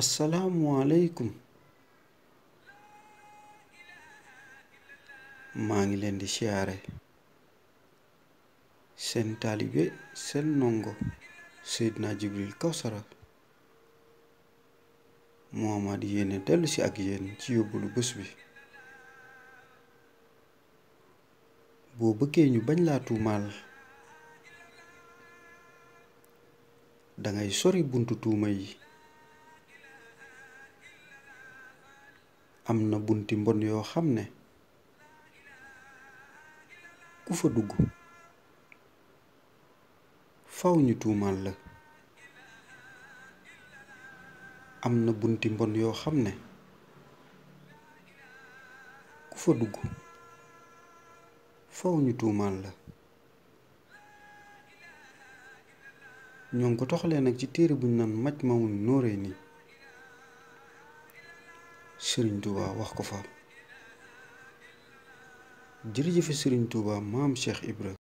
asalaamualeykum maa ngi leen di siyaare seen taalibe seen ndongo Seydina Jibril Kawsara Muhammad yéene dellu si ak yéen ci yóbbalu bés bi boo bëggee ñu bañ laa tuumaal dangay sori buntu tuuma yi am na bunti mbon yoo xam ne ku fa dugg faw ñu tuumaal la am na bunti mbon yoo xam ne ku fa dugg la ñoo ngi ko toxalee nag ci téere buñ naan maj mawun nóoree nii sëriñ Touba wax ko fa jërëjëfe sëriñ Touba maam Cheikh Ibra